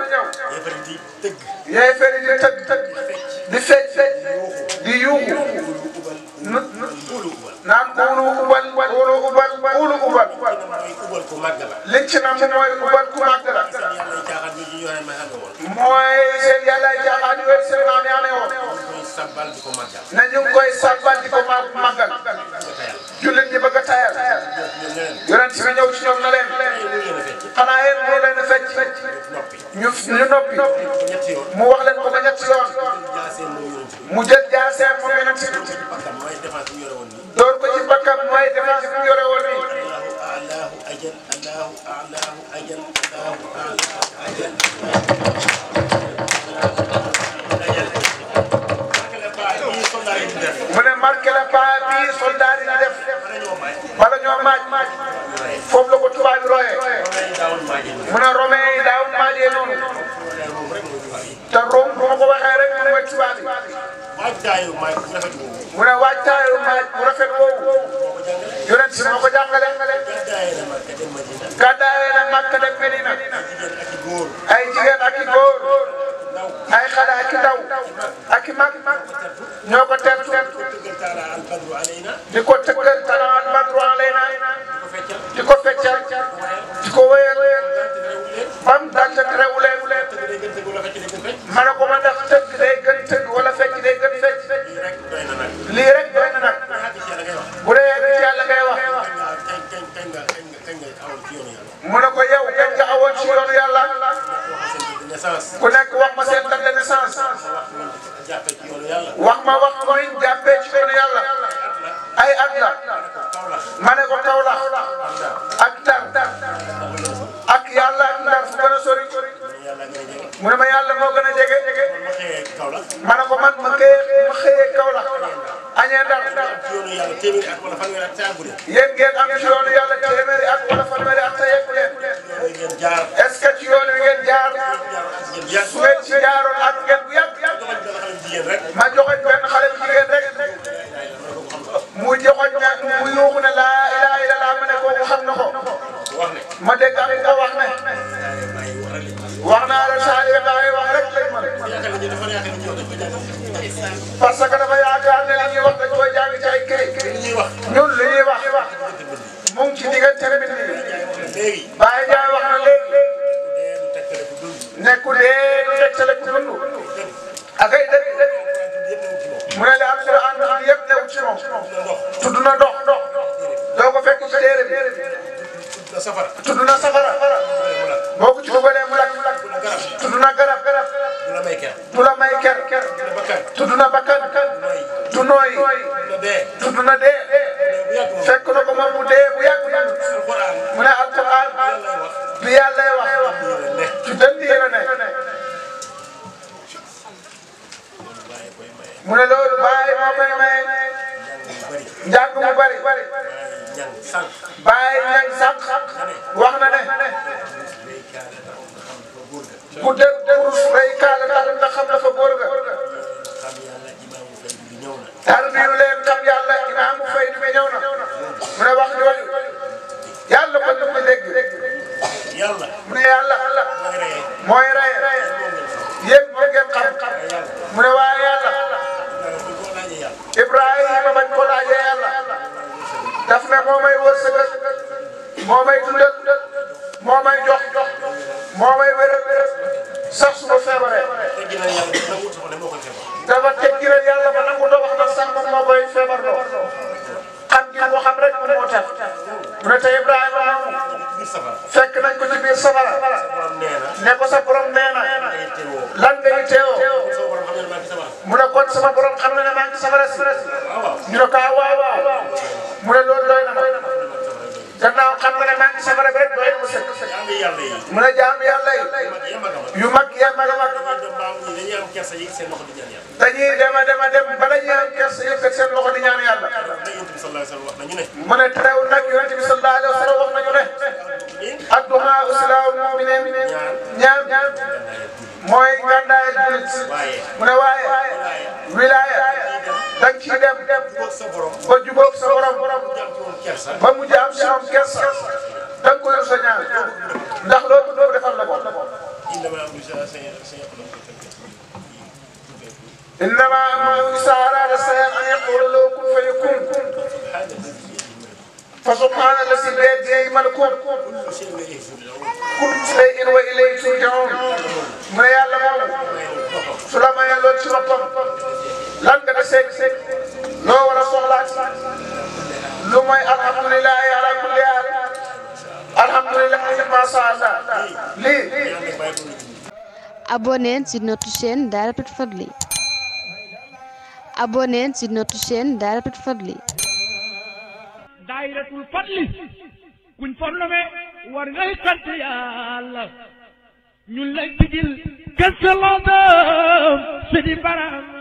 yeefari di tëgg di fecc fecc di yuuxu naan uulu ubal uulu ubal uulu ubal liñ ci nam mooy ubal ku màgg la mooy seen yàlla yooyu seen maam yaa ne woon nañu koy sabbal ko màggal jullit ñi bëgg a tayal yonent bi ñëw ci ñoom na leen xanaa yéen mënu leen a fecc ñu ñu noppi mu wax leen ko ba ñetti yoon mu jël jaaseem moom yonent bi door ko ci bakkam mooy défense bi mu yore woon nii allahu ajal allahu allahu ajal allahu allahu ajal ñoo maaj foofu la ko tubaab bi royee mu ne Romain yi daawul maajee noonu te Rome bu ma ko waxee rek moom mooy tubaab bi mu ne waajtaayu maaj bu rafet woowu yonent si ma ko jàngale gàddaayee na Makka dem Medina ay jigéen ak i góor ay xale ak i ndaw ak i mag ñoo ko teel di ko tëggal wax ma wax koy jàppee ci yoonu yàlla ay at la ma ne ko Kaolack ak Ndar ak yàlla ak fu gën a sori mu ma yàlla moo gën a jege ma ne man ma xëyee ma xëyee Kaolack añee Ndar yéen ngeen am ci yoonu yàlla téeméeri at wala fanweeri at sa yegg leen tudd na bakkan du nooy du nooy sax su ma feebaree. dafa teggiral yàlla ba nangu doo wax na sax moom moo koy feebar loo. xam gi moo xam rek moom moo tax. mu ne tey Ibrahima fekk nañ ko ci biir safara. ne ko sa borom nee na. lan nga ñu teewoo. mu ne kon sama borom xam na ne maa ngi safara si. ñu ne ko ah waaw waaw. mu ne loolu doy na ma. am kersa yi seen loxo di ñaan yàlla. dañuy dem a dem a dem bala ñuy am kersa yëkkat seen loxo di ñaan yàlla. ndax yonent bi sallallahu alayhi wa sallam wax nañu ne. maalkum kullu shay'in wa ilayhi turja'un loo war a lu mooy alhamdulillahi ala kulli haal alhamdulillahi maa shaa Allah lii abonnez sur notre chaîne Dahiratoul Fadly kuñ fa nome war ngay sant yàlla ñun lay digil kese la doom si di baram